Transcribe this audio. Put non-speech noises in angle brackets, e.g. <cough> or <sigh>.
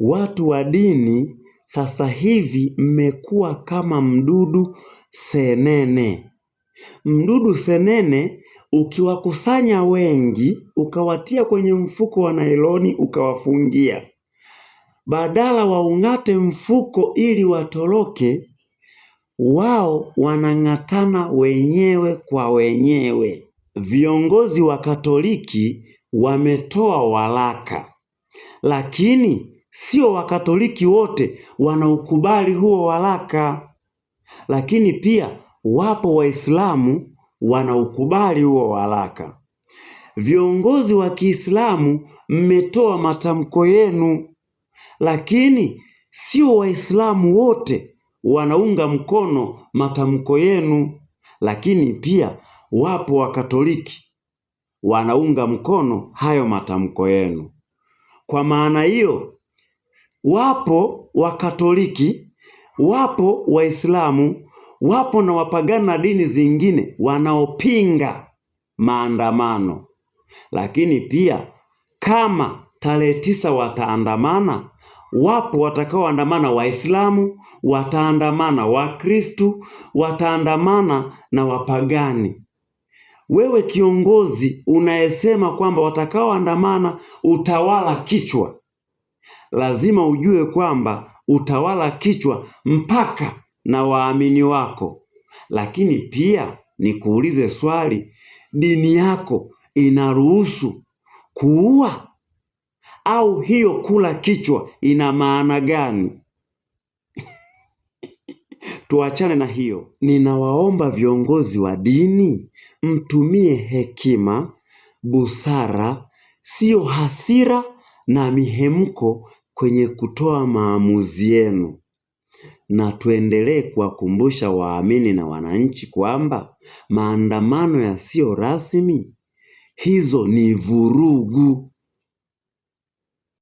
Watu wa dini sasa hivi mmekuwa kama mdudu senene. Mdudu senene ukiwakusanya wengi, ukawatia kwenye mfuko wa nailoni ukawafungia. Badala waung'ate mfuko ili watoroke, wao wanang'atana wenyewe kwa wenyewe. Viongozi wa Katoliki wametoa waraka, lakini Sio Wakatoliki wote wanaukubali huo waraka, lakini pia wapo Waislamu wanaukubali huo waraka. Viongozi wa Kiislamu mmetoa matamko yenu, lakini sio Waislamu wote wanaunga mkono matamko yenu, lakini pia wapo Wakatoliki wanaunga mkono hayo matamko yenu. Kwa maana hiyo Wapo Wakatoliki, wapo Waislamu, wapo na wapagani na dini zingine wanaopinga maandamano, lakini pia kama tarehe tisa wataandamana wapo watakaoandamana Waislamu, wataandamana Wakristu, wataandamana na wapagani. Wewe kiongozi unayesema kwamba watakaoandamana utawala kichwa, lazima ujue kwamba utawala kichwa mpaka na waamini wako. Lakini pia nikuulize swali, dini yako inaruhusu kuua? Au hiyo kula kichwa ina maana gani? <laughs> Tuachane na hiyo. Ninawaomba viongozi wa dini mtumie hekima, busara, siyo hasira na mihemko kwenye kutoa maamuzi yenu na tuendelee kuwakumbusha waamini na wananchi kwamba maandamano yasiyo rasmi hizo ni vurugu.